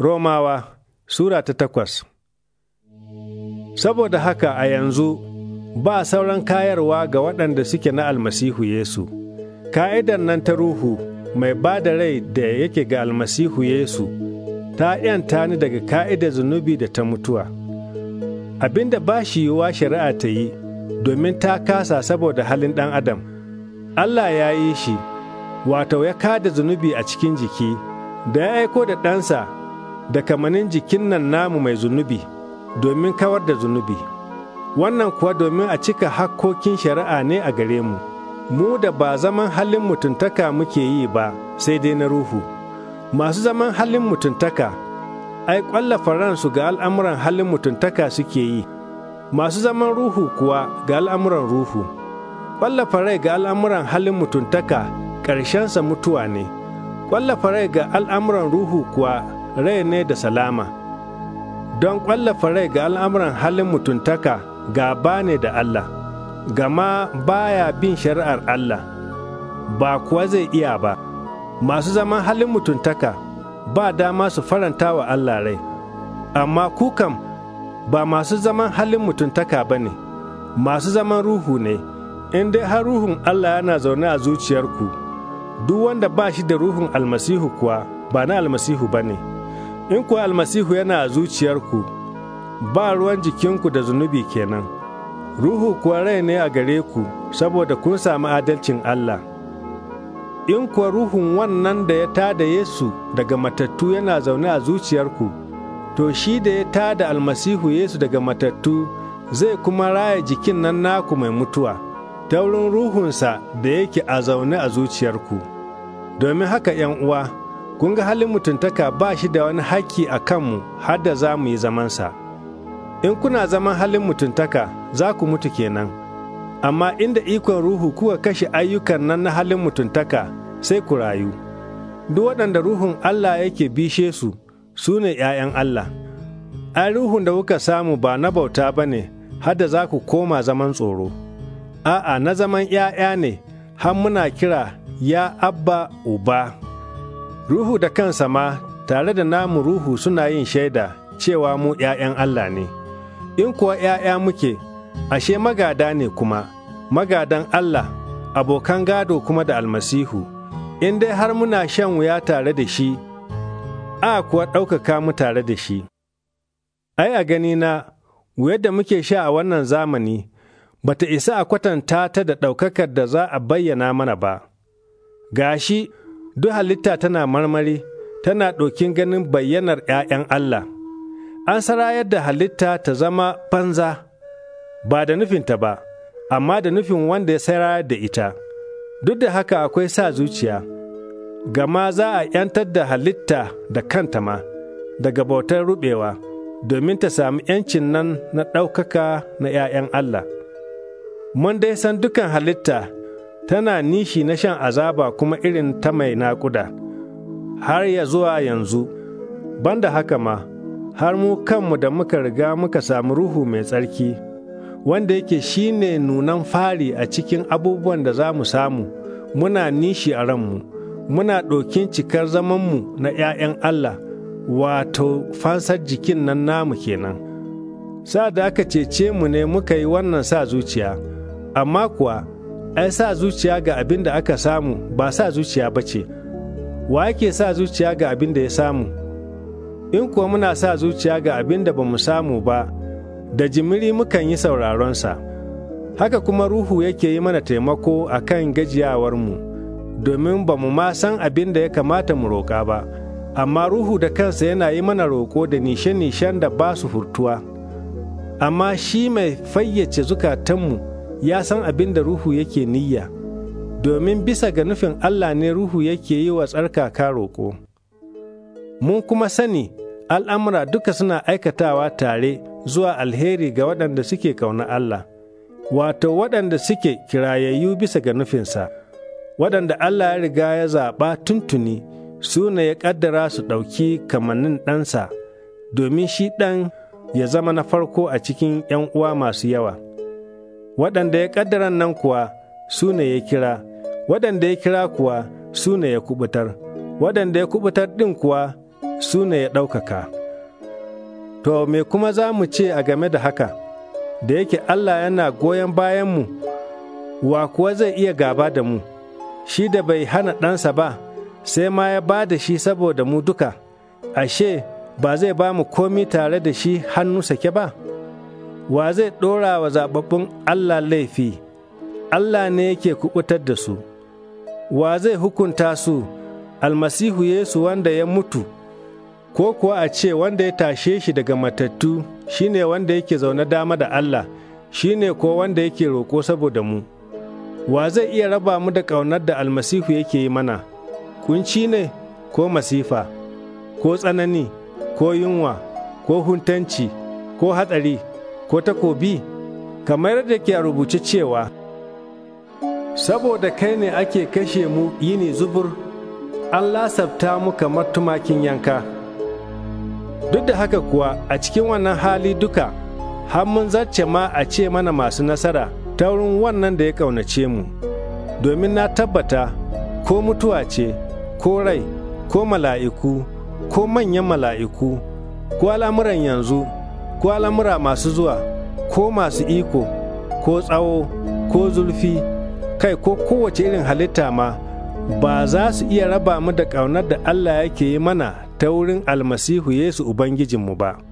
Romawa Sura ta takwas Saboda haka a yanzu ba sauran kayarwa ga waɗanda suke na almasihu Yesu, ka'idar nan ta Ruhu mai ba da rai da yake ga almasihu Yesu ta ‘yanta ni daga ka'idar zunubi da ta mutuwa. Abinda ba shi yiwuwa shari'a ta yi domin ta kasa saboda halin ɗan Adam. Allah ya yi shi, wato ya kada zunubi a cikin jiki, da ya aiko da ɗansa. da kamanin jikin nan namu mai zunubi domin kawar da zunubi. Wannan kuwa domin a cika hakkokin shari'a ne a gare mu, mu da ba zaman halin mutuntaka muke yi ba sai dai na ruhu. Masu zaman halin mutuntaka, ai ƙwallafa ransu ga al'amuran halin mutuntaka suke yi, masu zaman ruhu kuwa ga al'amuran ruhu. Ƙwallafa rai ga al'amuran halin mutuntaka ƙarshensa mutuwa ne, ƙwallafa rai ga al'amuran ruhu kuwa rai ne da salama don ƙwallafa rai ga al'amuran halin mutuntaka gaba ne da Allah gama baya bin shari'ar Allah ba kuwa zai iya ba masu zaman halin mutuntaka ba dama su faranta wa Allah rai amma kukan ba masu zaman halin mutuntaka ba ne masu zaman ruhu ne in dai har ruhun Allah yana zaune a zuciyarku duk wanda ba shi da ruhun almasihu kuwa ba na almasihu ba ne. in kuwa almasihu yana a zuciyarku ba ruwan jikinku da zunubi kenan ruhu kuwa rai ne a gare ku saboda kun sami adalcin Allah in kuwa ruhun wannan da ya tada Yesu daga matattu yana zaune a zuciyarku to shi da ya tada almasihu Yesu daga matattu zai kuma raya jikin nan naku mai mutuwa ta wurin ruhunsa da yake a zaune a zuciyarku domin haka 'yan uwa kun ga halin mutuntaka ba shi da wani haƙƙi a kanmu har da za mu yi zamansa. In kuna zaman halin mutuntaka za ku mutu kenan, amma inda ikon ruhu kuka kashe ayyukan nan na halin mutuntaka sai ku rayu. Duk waɗanda ruhun Allah yake bishe su, su ne ’ya'yan Allah. Ai, ruhun da kuka samu ba na bauta ba ne, har za ku koma zaman tsoro. A'a, na zaman ’ya'ya ne, har muna kira, ya abba uba. Ruhu da kansa ma tare da namu ruhu suna yin shaida cewa mu ’ya'yan Allah ne, in kuwa ’ya'ya muke, ashe magada ne kuma, magadan Allah, abokan gado kuma da almasihu, in dai har muna shan wuya tare da shi, a kuwa ɗaukaka mu tare da shi. Ai, a ganina, wuyar da muke sha a wannan zamani, bata isa a kwatanta ta da ɗaukakar da za a bayyana mana ba. Gashi, duk halitta tana marmari, tana ɗokin ganin bayyanar ‘ya'yan Allah. An sarayar da halitta ta zama banza, ba da nufinta ba, amma da nufin wanda ya sarayar da ita. Duk da haka akwai sa zuciya, gama za a ‘yantar da halitta da kanta ma, daga bautar ruɓewa, domin ta sami ‘yancin nan na ɗaukaka na ‘ya'yan Allah. Mun dai san dukan halitta tana nishi na shan azaba kuma irin ta mai naƙuda, har ya zuwa yanzu, banda haka ma, har mu kanmu da muka riga muka samu ruhu mai tsarki, wanda yake shine nunan fari a cikin abubuwan da za mu samu, muna nishi a ranmu, muna ɗokin cikar zamanmu na ‘ya'yan Allah, wato fansar jikin nan namu kenan. Sa da aka cece mu ne muka yi wannan sa zuciya, amma kuwa ai sa zuciya ga abin da aka samu ba sa zuciya ba ce wa yake sa zuciya ga abin da ya samu in kuwa muna sa zuciya ga abin da ba mu samu ba da jimiri mukan yi sauraronsa haka kuma ruhu yake yi mana taimako a kan gajiyawarmu domin ba mu ma san abin da ya kamata mu roƙa ba amma ruhu da kansa yana yi mana roƙo da nishe-nishen da ba su hurtuwa amma shi mai fayyace zukatanmu ya san abin da Ruhu yake niyya, domin bisa ga nufin Allah ne Ruhu yake yi wa tsarka ka roƙo. Mun kuma sani al'amura duka suna aikatawa tare zuwa alheri ga waɗanda suke ƙauna Allah, wato waɗanda suke kirayayyu bisa ga nufinsa, waɗanda Allah ya riga ya zaɓa tuntuni suna ya ƙaddara su ɗauki kamannin ɗansa, domin shi ɗan ya zama na farko a cikin ‘yan uwa masu yawa. waɗanda ya ƙaddara nan kuwa su ne ya kira, waɗanda ya kira kuwa su ne ya kubutar, waɗanda ya kubutar ɗin kuwa su ne ya ɗaukaka. To, me kuma za mu ce a game da haka, da yake Allah yana goyon bayanmu, wa kuwa zai iya gaba da mu, shi da bai hana ɗansa ba, sai ma ya ba da shi saboda mu duka, ashe, ba zai ba mu komi tare da shi hannu sake ba? wa zai ɗora wa zaɓaɓɓun Allah laifi, Allah ne yake kuɓutar da su, wa zai hukunta su almasihu Yesu wanda ya mutu, ko kuwa a ce wanda ya tashe shi daga matattu shi ne wanda yake zaune dama da Allah, shi ne ko wanda yake roƙo saboda mu. Wa zai iya raba mu da ƙaunar da almasihu yake yi mana, kunci ne ko masifa, ko tsanani, ko yunwa, ko huntanci, ko hatsari. ko takobi kamar da ke rubuce cewa saboda kai ne ake kashe mu yini zubur an lasafta mu kamar tumakin yanka duk da haka kuwa a cikin wannan hali duka har mun zarce ma a ce mana masu nasara ta wurin wannan da ya ƙaunace mu domin na tabbata ko mutuwa ce ko rai ko mala'iku ko manyan mala'iku ko al'amuran yanzu ko al'amura masu zuwa ko masu iko ko tsawo ko zulfi kai ko kowace irin halitta ma ba za su iya raba mu da ƙaunar da Allah yake yi mana ta wurin almasihu Yesu Ubangijinmu ba.